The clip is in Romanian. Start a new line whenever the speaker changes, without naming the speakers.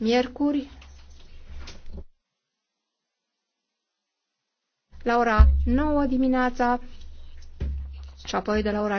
miercuri, la ora 9 dimineața și apoi de la
ora